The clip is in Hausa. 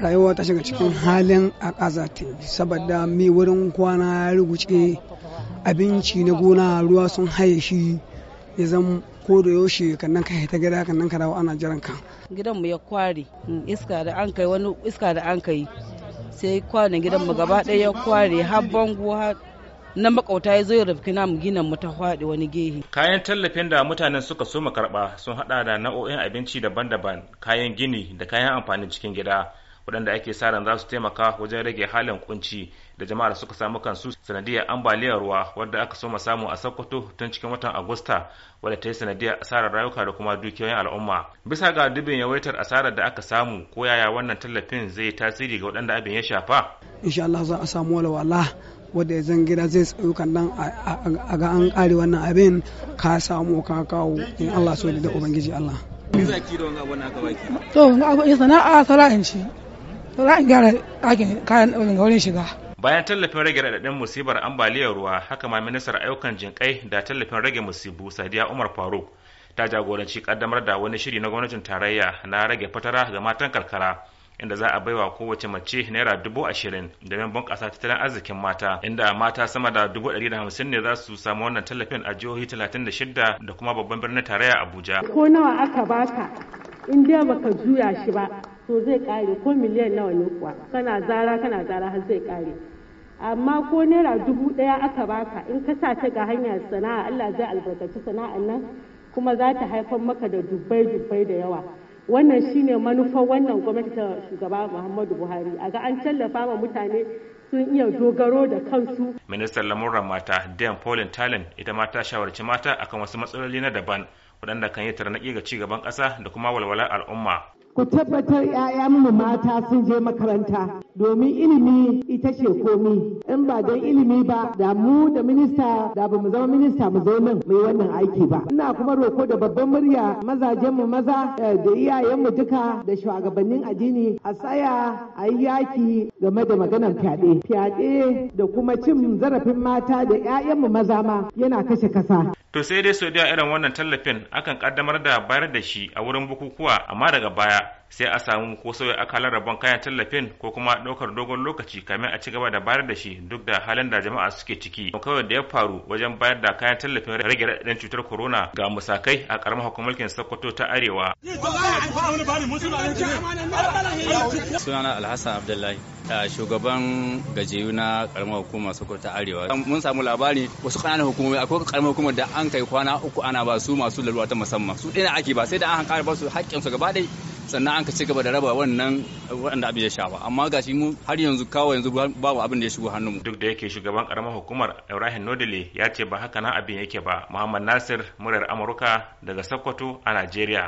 rayuwa ta shiga cikin halin a akazati saboda mai wurin kwana ya ruguce abinci na gona ruwa sun haye shi ya zama ko da yaushe kannan ka haita gida kannan ka dawo ana jiran ka gidan mu ya kware iska da an kai wani iska da an kai sai kwanan gidan mu gaba ɗaya ya kware har bango har na makauta ya zo ya rafki na ginin mu ta faɗi wani gehe kayan tallafin da mutanen suka so mu karɓa sun haɗa da nau'o'in abinci daban-daban kayan gini da kayan amfani cikin gida waɗanda ake sa ran za su taimaka wajen rage halin kunci da jama'ar suka samu kansu sanadiyar ambaliyar ruwa wadda aka soma samu a Sokoto tun cikin watan Agusta wadda ta yi sanadiyar asarar rayuka da kuma dukiyoyin al'umma. Bisa ga dubin yawaitar asarar da aka samu ko yaya wannan tallafin zai tasiri ga waɗanda abin ya shafa? insha Allah za a samu walwala wadda ya zan gida zai tsayu kan nan a ga an kare wannan abin ka samu ka kawo in Allah so da ubangiji Allah to eh, sana'a gyara ɗakin kayan wurin shiga bayan tallafin rage raɗaɗin musibar ambaliyar ruwa haka ma ministar ayyukan jinƙai da tallafin rage musibu sadiya umar faruk ta jagoranci kaddamar da wani shiri na gwamnatin tarayya na rage fatara ga matan karkara inda za a baiwa kowace mace naira dubu ashirin yan bunƙasa tattalin arzikin mata inda mata sama da dubu ɗari da hamsin ne za su samu wannan tallafin a jihohi talatin da shida da kuma babban birnin tarayya abuja ko nawa aka baka in dai baka juya shi ba to zai kare ko miliyan nawa ne kuwa kana zara kana zara har zai kare amma ko naira dubu ɗaya aka baka in ka sa ta ga hanyar sana'a allah zai albarkaci sana'an nan kuma za ta haifar maka da dubbai dubbai da yawa wannan shine manufar wannan gwamnati ta shugaba muhammadu buhari a ga an tallafa ma mutane sun iya dogaro da kansu ministan lamuran mata dan paulin talin ita ma ta shawarci mata akan wasu matsaloli na daban waɗanda kan yi tarnaƙi ga cigaban ƙasa da kuma walwalar al'umma ku tabbatar mu mata sun je makaranta domin ilimi ita ce komi in ba don ilimi ba da mu da minista da ba mu zama minista mu zo nan mu yi wannan aiki ba ina kuma roko da babban murya mazajenmu maza eh, da iyayenmu duka da shugabannin addini a tsaya a yi yaki game da maganar fyaɗe fyaɗe da kuma cin zarafin mata da 'ya'yanmu maza ma yana kashe kasa To sai dai Saudiya irin wannan tallafin akan kaddamar da bayar da shi a wurin bukukuwa amma daga baya sai a samu ko sauya akalar rabon kayan tallafin ko kuma ɗaukar dogon lokaci kamin a ci gaba da bayar da shi duk da halin da jama'a suke ciki kawai da ya faru wajen bayar da kayan tallafin rage raɗaɗin cutar corona ga musakai a ƙaramar hukumulkin sokoto ta arewa sunana alhassan abdullahi shugaban gajeyu na ƙaramar hukumar sokoto ta arewa mun samu labari wasu ƙananan hukumomi akwai ƙaramar hukumar da an kai kwana uku ana ba su masu lalura ta musamman su ɗaya ake ba sai da an kara ba su haƙƙinsu gaba ɗaya sannan an ka ci gaba da raba wannan waɗanda abin ya shafa amma ga shi mu har yanzu kawo yanzu babu abin da ya shigo hannunmu duk da yake shugaban karamar hukumar Ibrahim Nodele ya ce ba haka nan abin yake ba Muhammad Nasir murar Amurka daga Sokoto a Najeriya